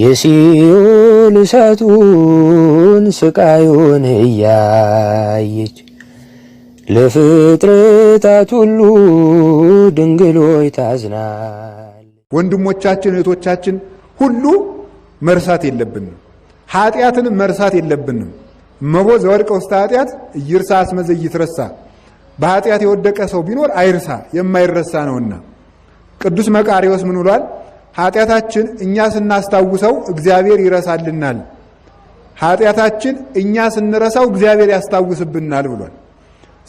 የሲኦል እሳቱን ስቃዩን እያየች ለፍጥረታት ሁሉ ድንግሎይ ታዝናል። ወንድሞቻችን እህቶቻችን ሁሉ መርሳት የለብንም፣ ኃጢአትንም መርሳት የለብንም። እመቦ ዘወድቀ ውስተ ኃጢአት እይርሳ አስመ ዘይትረሳ፣ በኃጢአት የወደቀ ሰው ቢኖር አይርሳ፣ የማይረሳ ነውና። ቅዱስ መቃሪዎስ ምን ውሏል? ኃጢአታችን እኛ ስናስታውሰው እግዚአብሔር ይረሳልናል፣ ኃጢአታችን እኛ ስንረሳው እግዚአብሔር ያስታውስብናል ብሏል።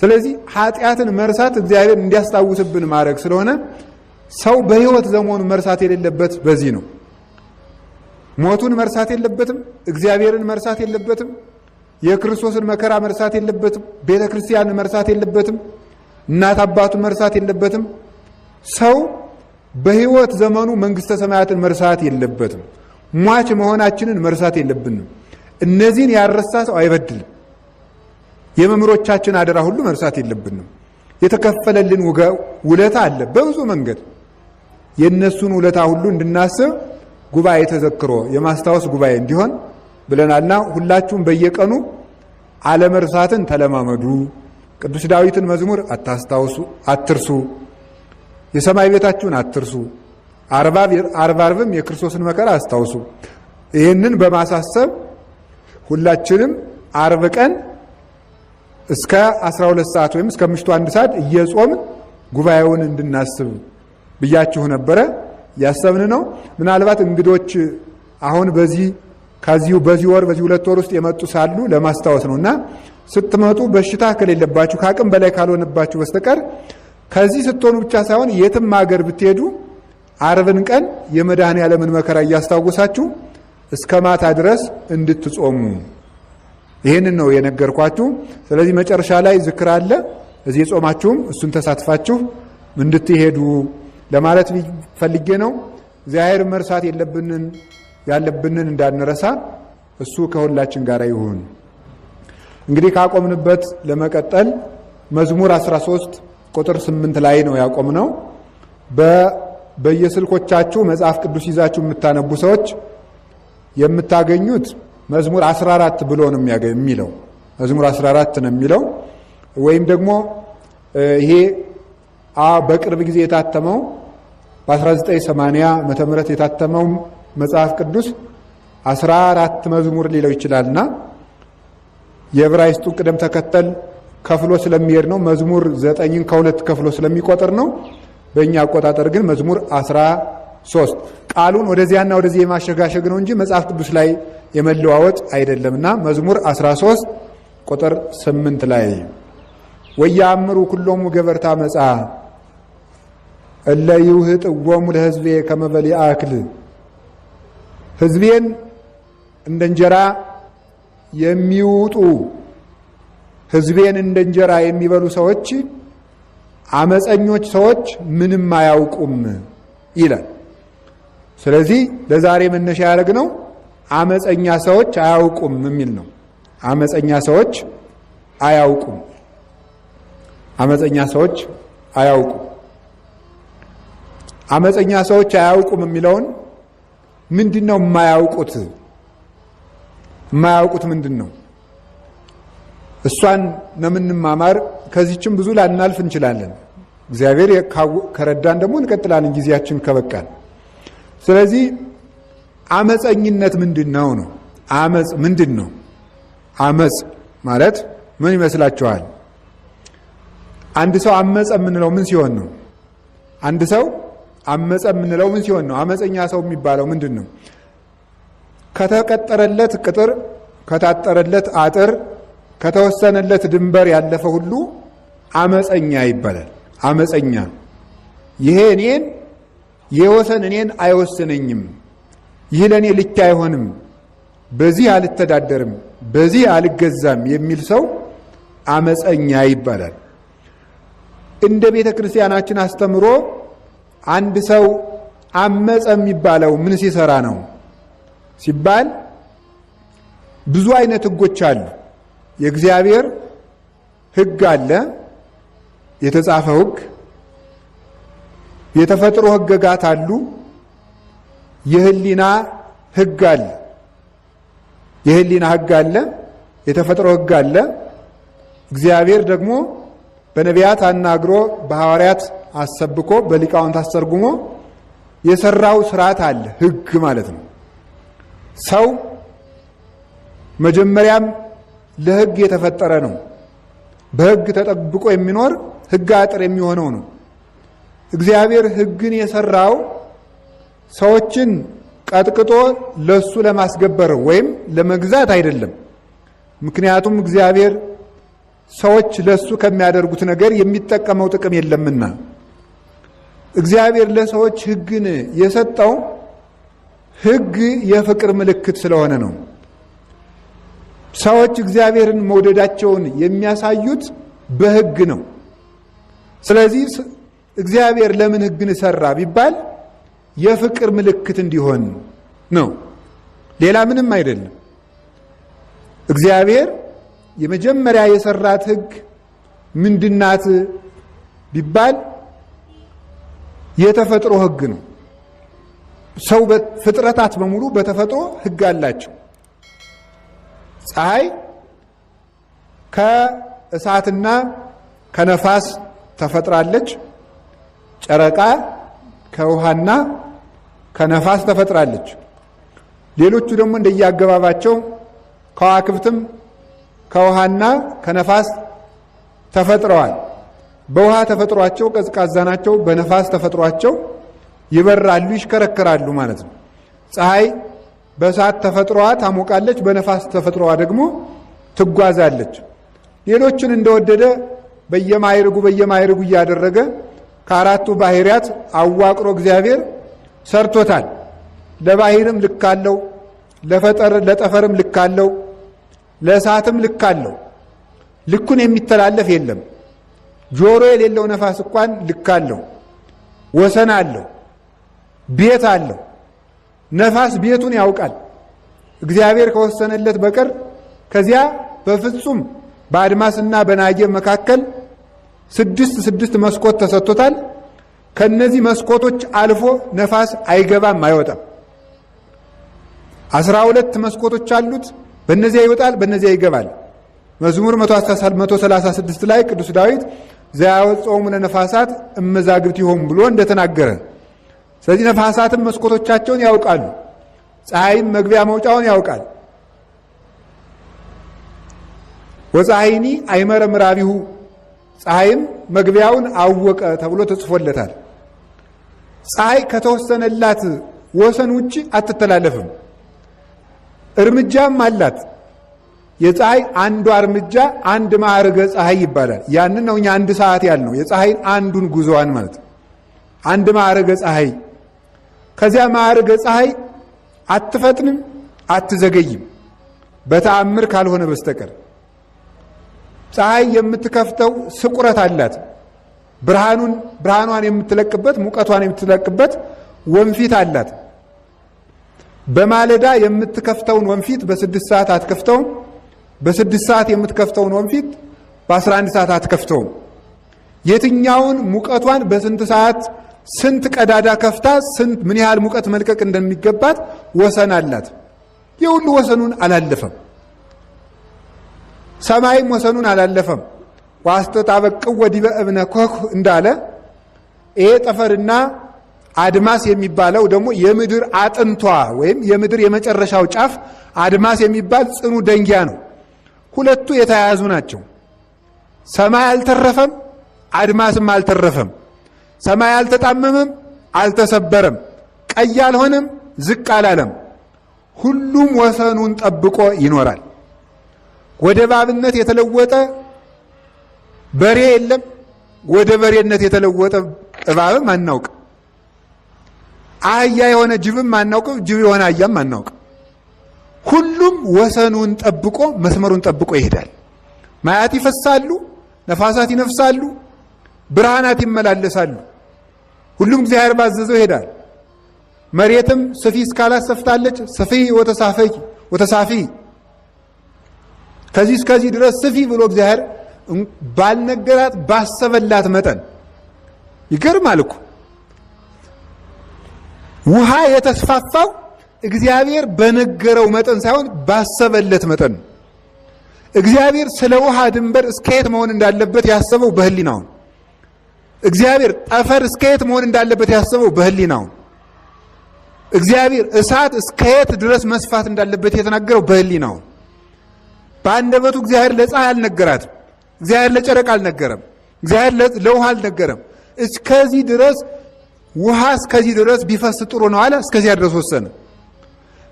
ስለዚህ ኃጢአትን መርሳት እግዚአብሔር እንዲያስታውስብን ማድረግ ስለሆነ ሰው በሕይወት ዘመኑ መርሳት የሌለበት በዚህ ነው። ሞቱን መርሳት የለበትም። እግዚአብሔርን መርሳት የለበትም። የክርስቶስን መከራ መርሳት የለበትም። ቤተ ክርስቲያን መርሳት የለበትም። እናት አባቱን መርሳት የለበትም። ሰው በህይወት ዘመኑ መንግስተ ሰማያትን መርሳት የለበትም። ሟች መሆናችንን መርሳት የለብንም። እነዚህን ያረሳ ሰው አይበድልም። የመምህሮቻችን አደራ ሁሉ መርሳት የለብንም። የተከፈለልን ውለታ አለ በብዙ መንገድ። የእነሱን ውለታ ሁሉ እንድናስብ ጉባኤ ተዘክሮ የማስታወስ ጉባኤ እንዲሆን ብለናልና ሁላችሁም በየቀኑ አለመርሳትን ተለማመዱ። ቅዱስ ዳዊትን መዝሙር አታስታውሱ፣ አትርሱ የሰማይ ቤታችሁን አትርሱ፣ አርባርብም የክርስቶስን መከራ አስታውሱ። ይህንን በማሳሰብ ሁላችንም አርብ ቀን እስከ 12 ሰዓት ወይም እስከ ምሽቱ አንድ ሰዓት እየጾምን ጉባኤውን እንድናስብ ብያችሁ ነበረ። ያሰብን ነው። ምናልባት እንግዶች አሁን በዚህ ከዚሁ በዚህ ወር በዚህ ሁለት ወር ውስጥ የመጡ ሳሉ ለማስታወስ ነው እና ስትመጡ በሽታ ከሌለባችሁ ከአቅም በላይ ካልሆነባችሁ በስተቀር ከዚህ ስትሆኑ ብቻ ሳይሆን የትም ሀገር ብትሄዱ አርብን ቀን የመድኃኔ ዓለምን መከራ እያስታወሳችሁ እስከ ማታ ድረስ እንድትጾሙ ይህንን ነው የነገርኳችሁ። ስለዚህ መጨረሻ ላይ ዝክር አለ። እዚህ የጾማችሁም እሱን ተሳትፋችሁ እንድትሄዱ ለማለት ፈልጌ ነው። እግዚአብሔር መርሳት የለብንን ያለብንን እንዳንረሳ እሱ ከሁላችን ጋር ይሁን። እንግዲህ ካቆምንበት ለመቀጠል መዝሙር 13 ቁጥር ስምንት ላይ ነው ነው። በየስልኮቻችሁ መጽሐፍ ቅዱስ ይዛችሁ የምታነቡ ሰዎች የምታገኙት መዝሙር 14 ብሎ ነው የሚለው መዝሙር 14 ነው የሚለው ወይም ደግሞ ይሄ በቅርብ ጊዜ የታተመው በ1980 ዓ ም የታተመው መጽሐፍ ቅዱስ 14 መዝሙር ሊለው ይችላልና የዕብራይስጡ ቅደም ተከተል ከፍሎ ስለሚሄድ ነው። መዝሙር ዘጠኝን ከሁለት ከፍሎ ስለሚቆጥር ነው። በእኛ አቆጣጠር ግን መዝሙር አስራ ሶስት ቃሉን ወደዚያና ወደዚህ የማሸጋሸግ ነው እንጂ መጽሐፍ ቅዱስ ላይ የመለዋወጥ አይደለም እና መዝሙር 13 ቁጥር 8 ላይ ወያምሩ ኩሎሙ ገበርታ መጻ እለ ይውህጥዎሙ ለሕዝቤ ከመ አክል ሕዝቤን እንደ እንጀራ የሚውጡ ሕዝቤን እንደ እንጀራ የሚበሉ ሰዎች አመፀኞች ሰዎች ምንም አያውቁም ይላል። ስለዚህ ለዛሬ መነሻ ነው? አመፀኛ ሰዎች አያውቁም የሚል ነው። አመፀኛ ሰዎች አያውቁም። አመፀኛ ሰዎች አያውቁም። አመፀኛ ሰዎች አያውቁም የሚለውን ምንድን ነው የማያውቁት? የማያውቁት ምንድን ነው? እሷን ነው የምንማማር። ከዚችም ብዙ ላናልፍ እንችላለን። እግዚአብሔር ከረዳን ደግሞ እንቀጥላለን፣ ጊዜያችን ከበቃን። ስለዚህ አመፀኝነት ምንድን ነው ነው? አመፅ ምንድን ነው? አመፅ ማለት ምን ይመስላችኋል? አንድ ሰው አመፀ የምንለው ምን ሲሆን ነው? አንድ ሰው አመፀ የምንለው ምን ሲሆን ነው? አመፀኛ ሰው የሚባለው ምንድን ነው? ከተቀጠረለት ቅጥር፣ ከታጠረለት አጥር ከተወሰነለት ድንበር ያለፈ ሁሉ አመፀኛ ይባላል። አመፀኛ ይሄ እኔን የወሰን እኔን አይወስነኝም፣ ይህ ለእኔ ልክ አይሆንም፣ በዚህ አልተዳደርም፣ በዚህ አልገዛም የሚል ሰው አመፀኛ ይባላል። እንደ ቤተ ክርስቲያናችን አስተምሮ አንድ ሰው አመፀ የሚባለው ምን ሲሰራ ነው ሲባል ብዙ አይነት ህጎች አሉ። የእግዚአብሔር ሕግ አለ፣ የተጻፈ ሕግ የተፈጥሮ ሕግጋት አሉ፣ የህሊና ሕግ አለ። የህሊና ሕግ አለ፣ የተፈጥሮ ሕግ አለ። እግዚአብሔር ደግሞ በነቢያት አናግሮ በሐዋርያት አሰብኮ በሊቃውንት አስተርጉሞ የሰራው ስርዓት አለ፣ ሕግ ማለት ነው። ሰው መጀመሪያም ለህግ የተፈጠረ ነው። በህግ ተጠብቆ የሚኖር ህግ አጥር የሚሆነው ነው። እግዚአብሔር ህግን የሰራው ሰዎችን ቀጥቅጦ ለሱ ለማስገበር ወይም ለመግዛት አይደለም። ምክንያቱም እግዚአብሔር ሰዎች ለሱ ከሚያደርጉት ነገር የሚጠቀመው ጥቅም የለምና እግዚአብሔር ለሰዎች ህግን የሰጠው ህግ የፍቅር ምልክት ስለሆነ ነው። ሰዎች እግዚአብሔርን መውደዳቸውን የሚያሳዩት በህግ ነው። ስለዚህ እግዚአብሔር ለምን ህግን ሰራ ቢባል የፍቅር ምልክት እንዲሆን ነው። ሌላ ምንም አይደለም። እግዚአብሔር የመጀመሪያ የሰራት ህግ ምንድናት ቢባል የተፈጥሮ ህግ ነው። ሰው ፍጥረታት በሙሉ በተፈጥሮ ህግ አላቸው። ፀሐይ ከእሳትና ከነፋስ ተፈጥራለች። ጨረቃ ከውሃና ከነፋስ ተፈጥራለች። ሌሎቹ ደግሞ እንደየአገባባቸው ከዋክብትም ከውሃና ከነፋስ ተፈጥረዋል። በውሃ ተፈጥሯቸው ቀዝቃዛ ናቸው። በነፋስ ተፈጥሯቸው ይበራሉ፣ ይሽከረከራሉ ማለት ነው። ፀሐይ በእሳት ተፈጥሮዋ ታሞቃለች፣ በነፋስ ተፈጥሮዋ ደግሞ ትጓዛለች። ሌሎችን እንደወደደ በየማይርጉ በየማይርጉ እያደረገ ከአራቱ ባህሪያት አዋቅሮ እግዚአብሔር ሰርቶታል። ለባህርም ልካለው፣ ለጠፈርም ልካለው፣ ለእሳትም ልካለው። ልኩን የሚተላለፍ የለም። ጆሮ የሌለው ነፋስ እንኳን ልካለው፣ ወሰን አለው፣ ቤት አለው። ነፋስ ቤቱን ያውቃል። እግዚአብሔር ከወሰነለት በቀር ከዚያ በፍጹም በአድማስና በናጌብ መካከል ስድስት ስድስት መስኮት ተሰጥቶታል። ከነዚህ መስኮቶች አልፎ ነፋስ አይገባም አይወጣም። አስራ ሁለት መስኮቶች አሉት። በእነዚያ ይወጣል፣ በእነዚያ ይገባል። መዝሙር 136 ላይ ቅዱስ ዳዊት ዘያወፀውም ለነፋሳት እመዛግብት ይሆን ብሎ እንደተናገረ ስለዚህ ነፋሳትም መስኮቶቻቸውን ያውቃሉ፣ ፀሐይም መግቢያ መውጫውን ያውቃል። ወፀሐይኒ አይመረ ምራቢሁ ፀሐይም መግቢያውን አወቀ ተብሎ ተጽፎለታል። ፀሐይ ከተወሰነላት ወሰን ውጭ አትተላለፍም። እርምጃም አላት። የፀሐይ አንዷ እርምጃ አንድ ማዕርገ ፀሐይ ይባላል። ያንን ነው እኛ አንድ ሰዓት ያልነው የፀሐይን አንዱን ጉዞዋን ማለት አንድ ማዕርገ ፀሐይ ከዚያ ማዕርገ ፀሐይ አትፈጥንም አትዘገይም፣ በተአምር ካልሆነ በስተቀር ፀሐይ የምትከፍተው ስቁረት አላት። ብርሃኑን ብርሃኗን የምትለቅበት ሙቀቷን የምትለቅበት ወንፊት አላት። በማለዳ የምትከፍተውን ወንፊት በስድስት ሰዓት አትከፍተውም። በስድስት ሰዓት የምትከፍተውን ወንፊት በአስራ አንድ ሰዓት አትከፍተውም። የትኛውን ሙቀቷን በስንት ሰዓት ስንት ቀዳዳ ከፍታ ስንት ምን ያህል ሙቀት መልቀቅ እንደሚገባት ወሰን አላት። የሁሉ ወሰኑን አላለፈም። ሰማይም ወሰኑን አላለፈም። ዋስተጣበቅወ ወዲበ እብነ ኮህ እንዳለ ይሄ ጠፈርና አድማስ የሚባለው ደግሞ የምድር አጥንቷ ወይም የምድር የመጨረሻው ጫፍ አድማስ የሚባል ጽኑ ደንጊያ ነው። ሁለቱ የተያያዙ ናቸው። ሰማይ አልተረፈም፣ አድማስም አልተረፈም። ሰማይ አልተጣመመም፣ አልተሰበረም፣ ቀይ አልሆነም፣ ዝቅ አላለም። ሁሉም ወሰኑን ጠብቆ ይኖራል። ወደ እባብነት የተለወጠ በሬ የለም። ወደ በሬነት የተለወጠ እባብም አናውቅ አህያ የሆነ ጅብም አናውቅም። ጅብ የሆነ አህያም አናውቅ ሁሉም ወሰኑን ጠብቆ መስመሩን ጠብቆ ይሄዳል። ማያት ይፈሳሉ፣ ነፋሳት ይነፍሳሉ፣ ብርሃናት ይመላለሳሉ። ሁሉም እግዚአብሔር ባዘዘው ይሄዳል። መሬትም ሰፊ ሰፍታለች ሰፊ ወተሳፈይ ወተሳፊ ከዚህ እስከዚህ ድረስ ሰፊ ብሎ እግዚአብሔር ባልነገራት ባሰበላት መጠን ይገርማል እኮ ውሃ የተስፋፋው እግዚአብሔር በነገረው መጠን ሳይሆን ባሰበለት መጠን እግዚአብሔር ስለ ውሃ ድንበር እስከየት መሆን እንዳለበት ያሰበው በህሊናውን እግዚአብሔር ጠፈር እስከየት መሆን እንዳለበት ያሰበው በህሊናው እግዚአብሔር እሳት እስከየት ድረስ መስፋት እንዳለበት የተናገረው በህሊናው በአንደበቱ እግዚአብሔር ለፀሐይ አልነገራትም። እግዚአብሔር ለጨረቃ አልነገረም። እግዚአብሔር ለውሃ አልነገረም። እስከዚህ ድረስ ውሃ እስከዚህ ድረስ ቢፈስ ጥሩ ነው አለ። እስከዚያ ድረስ ወሰነ።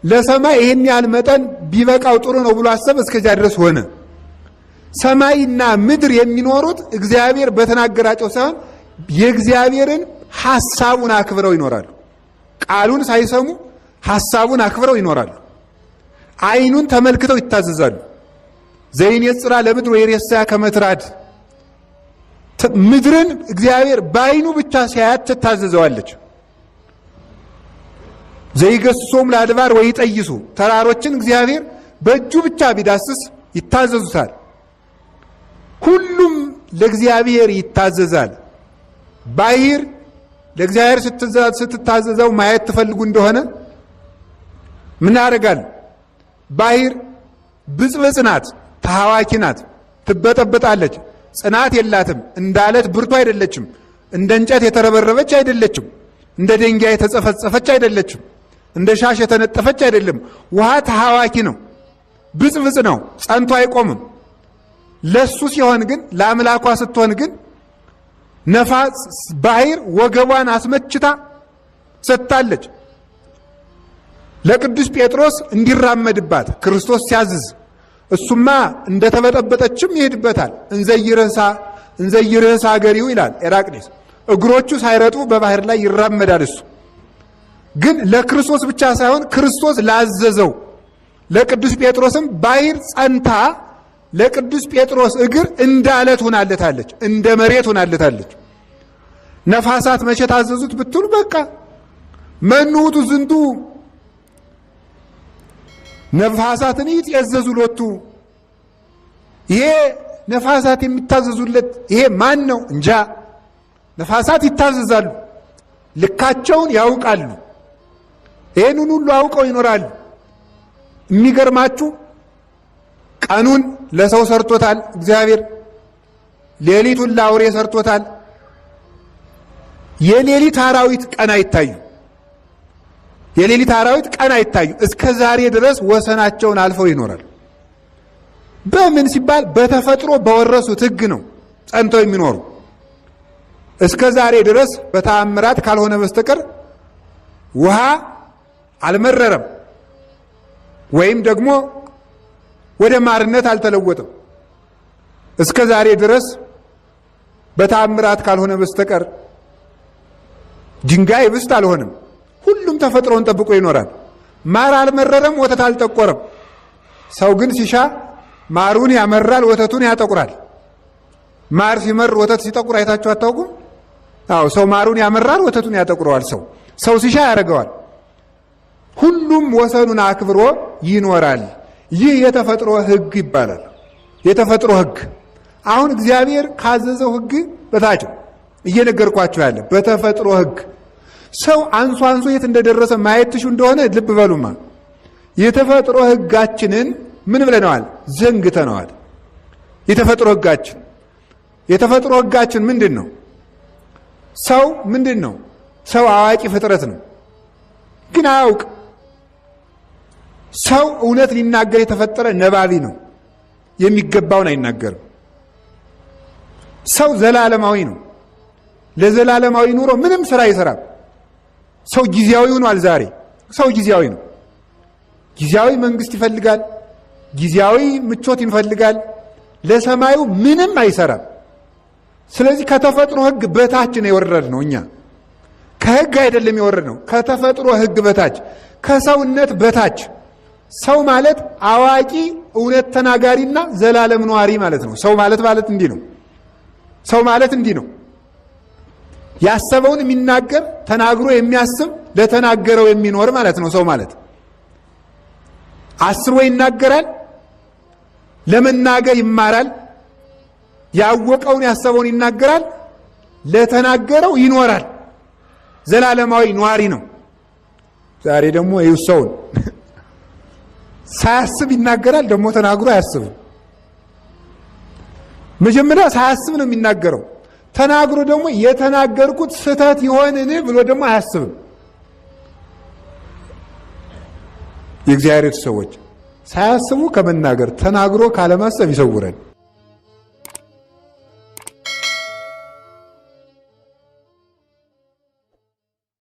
ለሰማይ ይህን ያህል መጠን ቢበቃው ጥሩ ነው ብሎ አሰብ እስከዚያ ድረስ ሆነ። ሰማይና ምድር የሚኖሩት እግዚአብሔር በተናገራቸው ሳይሆን የእግዚአብሔርን ሐሳቡን አክብረው ይኖራሉ። ቃሉን ሳይሰሙ ሐሳቡን አክብረው ይኖራሉ። አይኑን ተመልክተው ይታዘዛሉ። ዘይኔጽራ ለምድር ወይሬሳ ከመትራድ ምድርን እግዚአብሔር በአይኑ ብቻ ሲያያት ትታዘዘዋለች። ዘይገስሶም ለአድባር ወይጠይሱ ተራሮችን እግዚአብሔር በእጁ ብቻ ቢዳስስ ይታዘዙታል። ሁሉም ለእግዚአብሔር ይታዘዛል። ባሕር ለእግዚአብሔር ስትታዘዘው ማየት ትፈልጉ እንደሆነ ምን ያደርጋል? ባሕር ብጽብጽ ናት፣ ተሐዋኪ ናት፣ ትበጠበጣለች፣ ጽናት የላትም። እንደ አለት ብርቱ አይደለችም። እንደ እንጨት የተረበረበች አይደለችም። እንደ ደንጊያ የተጸፈጸፈች አይደለችም። እንደ ሻሽ የተነጠፈች አይደለም። ውሃ ተሐዋኪ ነው፣ ብጽብጽ ነው፣ ጸንቶ አይቆምም። ለሱ ሲሆን ግን ለአምላኳ ስትሆን ግን ነፋስ ባህር ወገቧን አስመችታ ሰጥታለች። ለቅዱስ ጴጥሮስ እንዲራመድባት ክርስቶስ ሲያዝዝ እሱማ እንደተበጠበጠችም ይሄድበታል። እንዘይርህሳ እንዘይርህሳ አገሪው ይላል ኤራቅዴስ። እግሮቹ ሳይረጡ በባህር ላይ ይራመዳል። እሱ ግን ለክርስቶስ ብቻ ሳይሆን ክርስቶስ ላዘዘው ለቅዱስ ጴጥሮስም ባህር ጸንታ ለቅዱስ ጴጥሮስ እግር እንደ አለት ሆናለታለች፣ እንደ መሬት ሆናለታለች። ነፋሳት መቼ ታዘዙት ብትሉ በቃ መኑ ውእቱ ዝንቱ ነፋሳትን ይታዘዙ ሎቱ። ይሄ ነፋሳት የሚታዘዙለት ይሄ ማን ነው እንጃ። ነፋሳት ይታዘዛሉ፣ ልካቸውን ያውቃሉ። ይህንን ሁሉ አውቀው ይኖራሉ። የሚገርማችሁ ቀኑን ለሰው ሰርቶታል እግዚአብሔር፣ ሌሊቱን ለአውሬ ሰርቶታል። የሌሊት አራዊት ቀን አይታዩ የሌሊት አራዊት ቀን አይታዩ እስከ ዛሬ ድረስ ወሰናቸውን አልፈው ይኖራል። በምን ሲባል በተፈጥሮ በወረሱት ሕግ ነው ጸንተው የሚኖሩ እስከ ዛሬ ድረስ በተአምራት ካልሆነ በስተቀር ውሃ አልመረረም ወይም ደግሞ ወደ ማርነት አልተለወጠም። እስከ ዛሬ ድረስ በታምራት ካልሆነ በስተቀር ድንጋይ ብስት አልሆነም። ሁሉም ተፈጥሮን ጠብቆ ይኖራል። ማር አልመረረም፣ ወተት አልጠቆረም። ሰው ግን ሲሻ ማሩን ያመራል፣ ወተቱን ያጠቁራል። ማር ሲመር ወተት ሲጠቁር አይታችሁ አታውቁም? አዎ፣ ሰው ማሩን ያመራል፣ ወተቱን ያጠቁረዋል። ሰው ሰው ሲሻ ያደርገዋል። ሁሉም ወሰኑን አክብሮ ይኖራል። ይህ የተፈጥሮ ህግ ይባላል። የተፈጥሮ ህግ አሁን እግዚአብሔር ካዘዘው ህግ በታች እየነገርኳቸው ያለ በተፈጥሮ ህግ ሰው አንሶ አንሶ የት እንደደረሰ ማየት ትሹ እንደሆነ ልብ በሉማ። የተፈጥሮ ህጋችንን ምን ብለነዋል? ዘንግተነዋል። የተፈጥሮ ህጋችን የተፈጥሮ ህጋችን ምንድን ነው? ሰው ምንድን ነው? ሰው አዋቂ ፍጥረት ነው፣ ግን አያውቅ ሰው እውነት ሊናገር የተፈጠረ ነባቢ ነው፣ የሚገባውን አይናገርም። ሰው ዘላለማዊ ነው። ለዘላለማዊ ኑሮ ምንም ስራ አይሰራም። ሰው ጊዜያዊ ሆኗል። ዛሬ ሰው ጊዜያዊ ነው። ጊዜያዊ መንግስት ይፈልጋል፣ ጊዜያዊ ምቾት ይፈልጋል። ለሰማዩ ምንም አይሰራም። ስለዚህ ከተፈጥሮ ህግ በታች ነው የወረድ ነው። እኛ ከህግ አይደለም የወረድ ነው፣ ከተፈጥሮ ህግ በታች ከሰውነት በታች ሰው ማለት አዋቂ እውነት ተናጋሪና ዘላለም ነዋሪ ማለት ነው። ሰው ማለት ማለት እንዲህ ነው። ሰው ማለት እንዲህ ነው። ያሰበውን የሚናገር ተናግሮ የሚያስብ ለተናገረው የሚኖር ማለት ነው። ሰው ማለት አስቦ ይናገራል፣ ለመናገር ይማራል፣ ያወቀውን ያሰበውን ይናገራል፣ ለተናገረው ይኖራል። ዘላለማዊ ነዋሪ ነው። ዛሬ ደግሞ ይህ ሰውን ሳያስብ ይናገራል። ደግሞ ተናግሮ አያስብም። መጀመሪያ ሳያስብ ነው የሚናገረው። ተናግሮ ደግሞ የተናገርኩት ስህተት ይሆንን ብሎ ደግሞ አያስብም። የእግዚአብሔር ሰዎች ሳያስቡ ከመናገር ተናግሮ ካለማሰብ ይሰውረን።